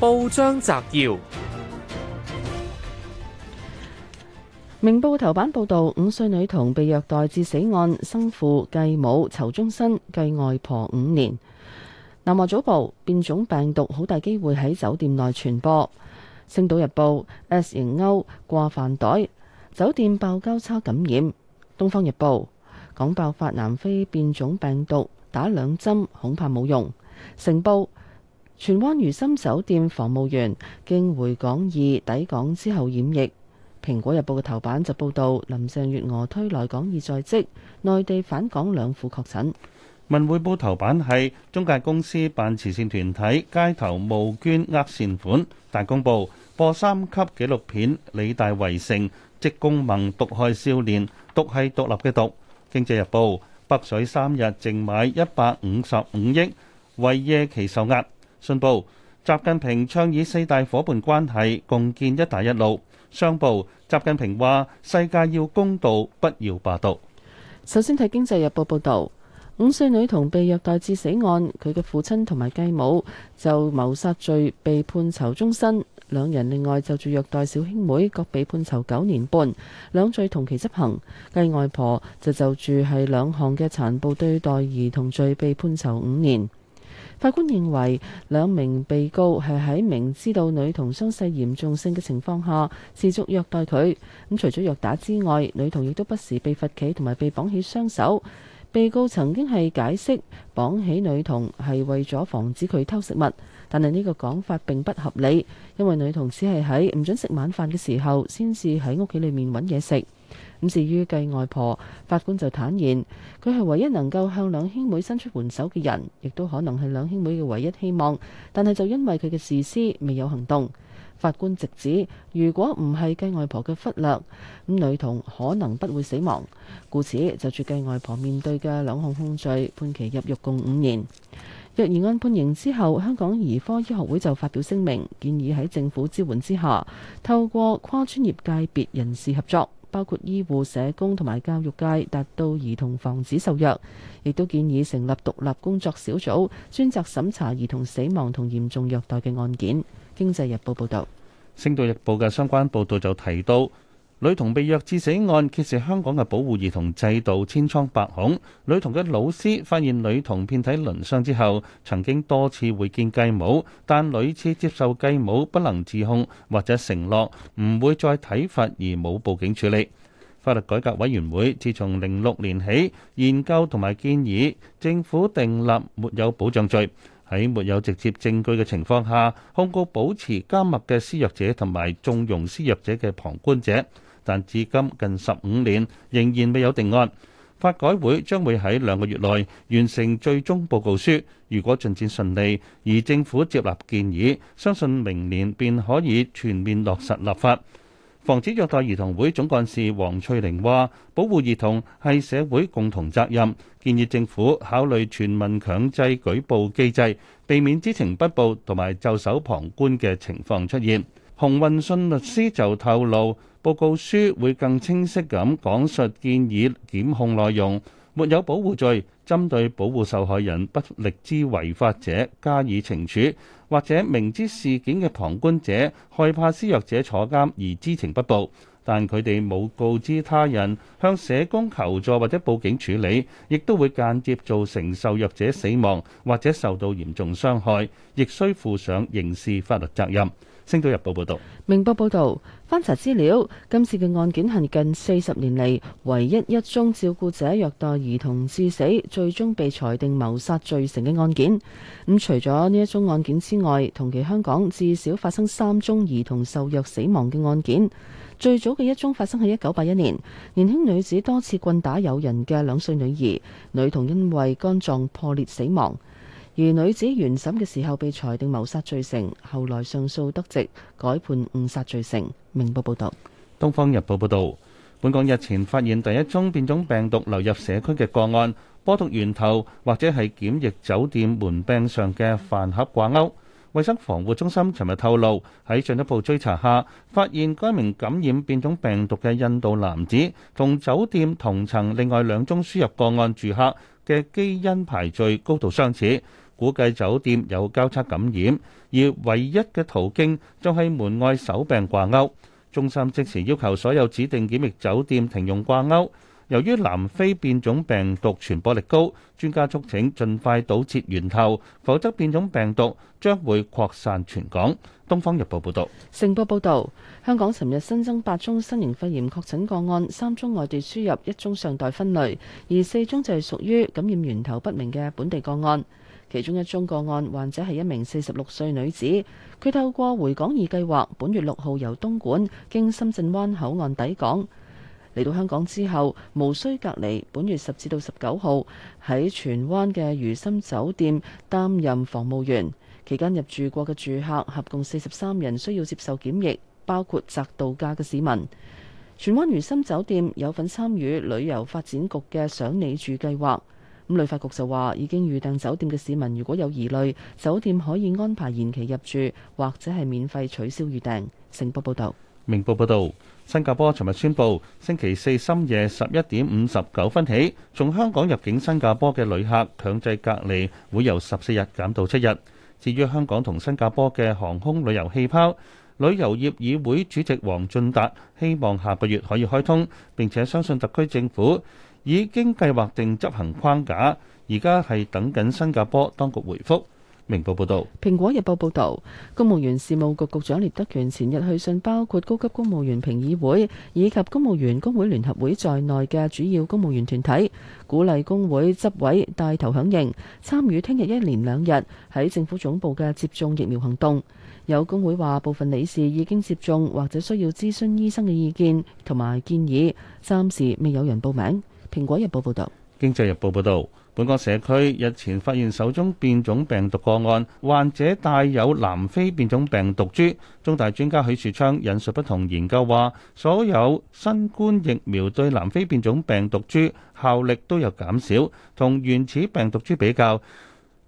報章摘要：明報頭版報道五歲女童被虐待致死案，生父繼母囚終身，繼外婆五年。南華早報：變種病毒好大機會喺酒店內傳播。星島日報：S 型鈎掛飯袋，酒店爆交叉感染。東方日報：港爆發南非變種病毒，打兩針恐怕冇用。成報。荃灣如心酒店房務員經回港易抵港之後染疫。《蘋果日報》嘅頭版就報導林鄭月娥推來港易在即，內地返港兩婦確診。《文匯報》頭版係中介公司辦慈善團體，街頭募捐呃善款。大公報，播三級紀錄片《理大圍城》，職工盟毒害少年，毒係獨立嘅獨。《經濟日報》北水三日淨買一百五十五億，為夜期受壓。信報：習近平倡議四大伙伴關係，共建一帶一路。商報：習近平話，世界要公道，不要霸道。首先睇經濟日報報導，五歲女童被虐待致死案，佢嘅父親同埋繼母就謀殺罪被判囚終身，兩人另外就住虐待小兄妹，各被判囚九年半，兩罪同期執行。繼外婆就就住係兩項嘅殘暴對待兒童罪被判囚五年。法官認為兩名被告係喺明知道女童傷勢嚴重性嘅情況下持續虐待佢。咁除咗虐打之外，女童亦都不時被罰企同埋被綁起雙手。被告曾經係解釋綁起女童係為咗防止佢偷食物，但係呢個講法並不合理，因為女童只係喺唔准食晚飯嘅時候，先至喺屋企裏面揾嘢食。咁至於繼外婆，法官就坦言，佢係唯一能夠向兩兄妹伸出援手嘅人，亦都可能係兩兄妹嘅唯一希望。但係就因為佢嘅事施未有行動，法官直指，如果唔係繼外婆嘅忽略，咁女童可能不會死亡。故此就住繼外婆面對嘅兩項控罪，判其入獄共五年。若疑案判刑之後，香港兒科醫學會就發表聲明，建議喺政府支援之下，透過跨專業界別人士合作。包括醫護、社工同埋教育界，達到兒童防止受虐，亦都建議成立獨立工作小組，專責審查兒童死亡同嚴重虐待嘅案件。經濟日報報導，《星島日報》嘅相關報導就提到。女童被虐致死案揭示香港嘅保護兒童制度千瘡百孔。女童嘅老師發現女童遍體鱗傷之後，曾經多次會見繼母，但屢次接受繼母不能自控或者承諾唔會再體罰而冇報警處理。法律改革委員會自從零六年起研究同埋建議政府訂立沒有保障罪，喺沒有直接證據嘅情況下控告保持緘默嘅施虐者同埋縱容施虐者嘅旁觀者。但至今近十五年仍然未有定案，法改會將會喺兩個月內完成最終報告書，如果進展順利，而政府接納建議，相信明年便可以全面落實立法。防止虐待兒童會總幹事黃翠玲話保護兒童係社會共同責任，建議政府考慮全民強制舉報機制，避免知情不報同埋袖手旁觀嘅情況出現。洪運信律師就透露，報告書會更清晰咁講述建議檢控內容，沒有保護罪，針對保護受害人不力之違法者加以懲處，或者明知事件嘅旁觀者害怕施虐者坐監而知情不報，但佢哋冇告知他人向社工求助或者報警處理，亦都會間接造成受虐者死亡或者受到嚴重傷害，亦需負上刑事法律責任。星島日報報道，明報報道，翻查資料，今次嘅案件係近四十年嚟唯一一宗照顧者虐待兒童致死，最終被裁定謀殺罪成嘅案件。咁、嗯、除咗呢一宗案件之外，同期香港至少發生三宗兒童受虐死亡嘅案件。最早嘅一宗發生喺一九八一年，年輕女子多次棍打友人嘅兩歲女兒，女童因為肝臟破裂死亡。而女子原審嘅時候被裁定謀殺罪成，後來上訴得直，改判誤殺罪成。明報報道。東方日報報道，本港日前發現第一宗變種病毒流入社區嘅個案，播毒源頭或者係檢疫酒店門柄上嘅飯盒掛鈎。衛生防護中心尋日透露，喺進一步追查下，發現該名感染變種病毒嘅印度男子同酒店同層另外兩宗輸入個案住客嘅基因排序高度相似。估計酒店有交叉感染，而唯一嘅途徑就係門外手柄掛鈎。中心即時要求所有指定檢疫酒店停用掛鈎。由於南非變種病毒傳播力高，專家促請盡快堵截源頭，否則變種病毒將會擴散全港。《東方日報》報道，成報報導，香港尋日新增八宗新型肺炎確診個案，三宗外地輸入，一宗尚待分類，而四宗就係屬於感染源頭不明嘅本地個案。其中一宗個案，患者係一名四十六歲女子，佢透過回港易計劃，本月六號由東莞經深圳灣口岸抵港。嚟到香港之後，無需隔離，本月十至到十九號喺荃灣嘅如心酒店擔任房務員，期間入住過嘅住客合共四十三人需要接受檢疫，包括宅度假嘅市民。荃灣如心酒店有份參與旅遊發展局嘅賞你住計劃。咁旅發局就話，已經預訂酒店嘅市民如果有疑慮，酒店可以安排延期入住，或者係免費取消預訂。成報報導，明報報導，新加坡尋日宣布，星期四深夜十一點五十九分起，從香港入境新加坡嘅旅客強制隔離會由十四日減到七日。至於香港同新加坡嘅航空旅遊氣泡，旅遊業議會主席黃進達希望下個月可以開通，並且相信特區政府。已經計劃定執行框架，而家係等緊新加坡當局回覆。明報報導，《蘋果日報》報導，公務員事務局局長聶德權前日去信，包括高級公務員評議會以及公務員工會聯合會在內嘅主要公務員團體，鼓勵工會執委帶頭響應，參與聽日一連兩日喺政府總部嘅接種疫苗行動。有工會話，部分理事已經接種或者需要諮詢醫生嘅意見同埋建議，暫時未有人報名。《蘋果日報》報導，《經濟日報》報導，本港社區日前發現手中變種病毒個案，患者帶有南非變種病毒株。中大專家許樹昌引述不同研究話，所有新冠疫苗對南非變種病毒株效力都有減少，同原始病毒株比較。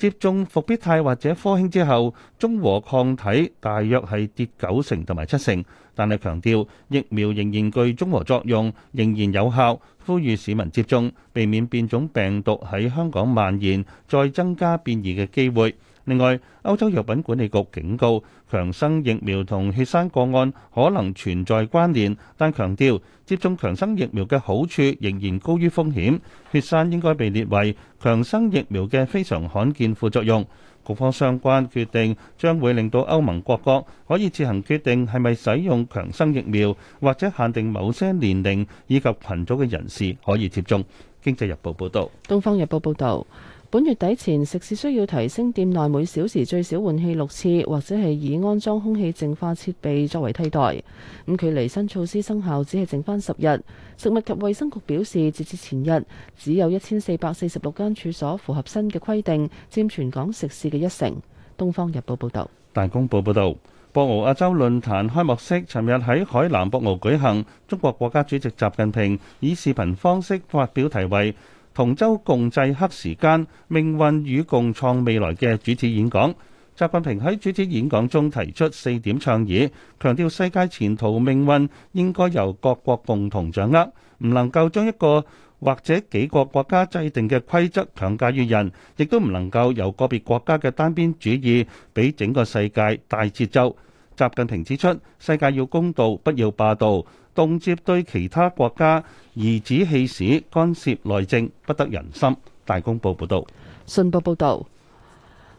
接種復必泰或者科興之後，中和抗體大約係跌九成同埋七成，但係強調疫苗仍然具中和作用，仍然有效，呼籲市民接種，避免變種病毒喺香港蔓延，再增加變異嘅機會。另外，歐洲藥品管理局警告，強生疫苗同血栓個案可能存在關聯，但強調接種強生疫苗嘅好處仍然高於風險。血栓應該被列為強生疫苗嘅非常罕見副作用。局方相關決定將會令到歐盟各國可以自行決定係咪使用強生疫苗，或者限定某些年齡以及群組嘅人士可以接種。經濟日報報道，東方日報報道。本月底前，食肆需要提升店內每小時最少換氣六次，或者係以安裝空氣淨化設備作為替代。咁、嗯、距離新措施生效，只係剩翻。十日。食物及衛生局表示，截至前日，只有一千四百四十六間處所符合新嘅規定，佔全港食肆嘅一成。《東方日報》報道，《大公報》報道，博鰲亞洲論壇開幕式尋日喺海南博鰲舉行，中國國家主席習近平以視頻方式發表題為同舟共濟、克時艱、命運與共創未來嘅主旨演講，習近平喺主旨演講中提出四點倡議，強調世界前途命運應該由各國共同掌握，唔能夠將一個或者幾個國家制定嘅規則強加於人，亦都唔能夠由個別國家嘅單邊主義俾整個世界帶節奏。習近平指出，世界要公道，不要霸道。動輒對其他國家頤指氣使、棄干涉內政，不得人心。大公報報道，信報報道，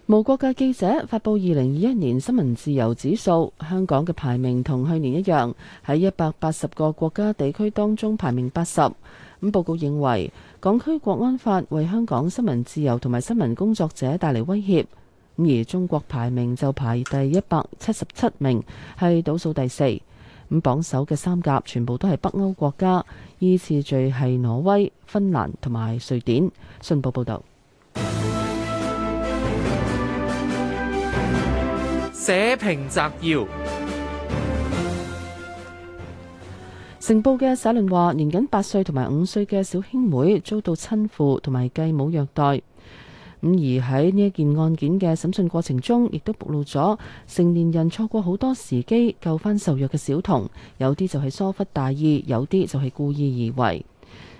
無國界記者發佈二零二一年新聞自由指數，香港嘅排名同去年一樣，喺一百八十個國家地區當中排名八十。咁報告認為，港區國安法為香港新聞自由同埋新聞工作者帶嚟威脅。咁而中國排名就排第一百七十七名，係倒數第四。咁榜首嘅三甲全部都係北歐國家，依次序係挪威、芬蘭同埋瑞典。信報報道。社評摘要：成報嘅社論話，年僅八歲同埋五歲嘅小兄妹遭到親父同埋繼母虐待。咁而喺呢一件案件嘅審訊過程中，亦都暴露咗成年人錯過好多時機救翻受虐嘅小童，有啲就係疏忽大意，有啲就係故意而為。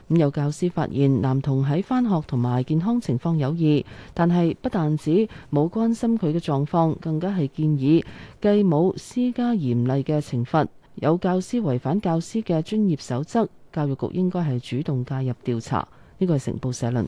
咁有教師發現男童喺返學同埋健康情況有異，但係不但止冇關心佢嘅狀況，更加係建議繼母施加嚴厲嘅懲罰。有教師違反教師嘅專業守則，教育局應該係主動介入調查。呢個係成報社論。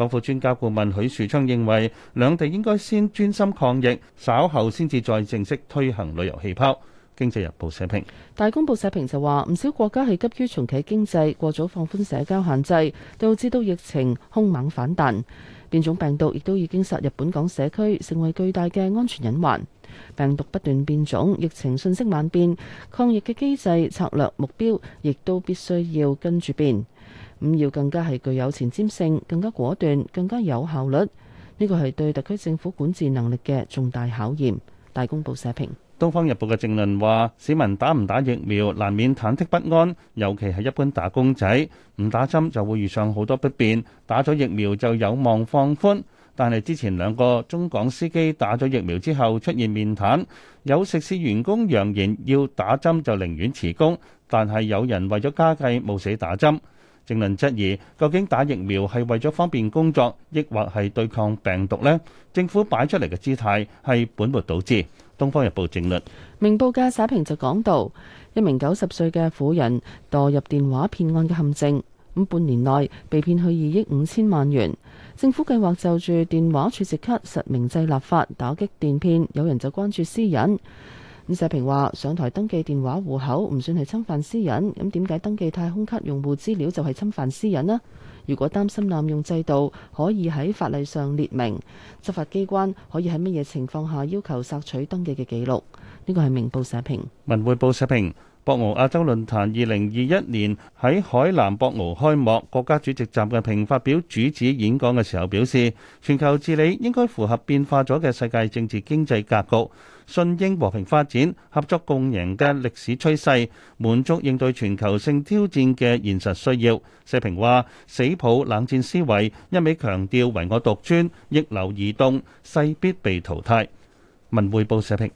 港府專家顧問許樹昌認為，兩地應該先專心抗疫，稍後先至再正式推行旅遊氣泡。經濟日報社評，大公報社評就話，唔少國家係急於重啟經濟，過早放寬社交限制，導致到疫情凶猛反彈。變種病毒亦都已經殺入本港社區，成為巨大嘅安全隱患。病毒不斷變種，疫情瞬息萬變，抗疫嘅機制、策略、目標，亦都必須要跟住變。咁要更加係具有前瞻性，更加果斷，更加有效率。呢個係對特區政府管治能力嘅重大考驗。大公報社評。《東方日報》嘅政論話：市民打唔打疫苗難免忐忑不安，尤其係一般打工仔唔打針就會遇上好多不便，打咗疫苗就有望放寬。但係之前兩個中港司機打咗疫苗之後出現面癱，有食肆員工揚言要打針就寧願辭工，但係有人為咗家計冒死打針。政論質疑，究竟打疫苗係為咗方便工作，抑或係對抗病毒呢？政府擺出嚟嘅姿態係本末倒置。《東方日報》政論明報嘅社評就講到，一名九十歲嘅婦人墮入電話騙案嘅陷阱，咁半年內被騙去二億五千萬元。政府計劃就住電話儲值卡實名制立法，打擊電騙。有人就關注私隱。社評話：上台登記電話戶口唔算係侵犯私隱，咁點解登記太空卡用戶資料就係侵犯私隱呢？如果擔心濫用制度，可以喺法例上列明，執法機關可以喺乜嘢情況下要求索取登記嘅記錄。呢個係明報社評。文匯報社評。博鰲亞洲論壇二零二一年喺海南博鰲開幕，國家主席習近平發表主旨演講嘅時候表示，全球治理應該符合變化咗嘅世界政治經濟格局，順應和平發展、合作共贏嘅歷史趨勢，滿足應對全球性挑戰嘅現實需要。社評話，死抱冷戰思維，一味強調唯我獨尊、逆流而動，勢必被淘汰。文匯報社評。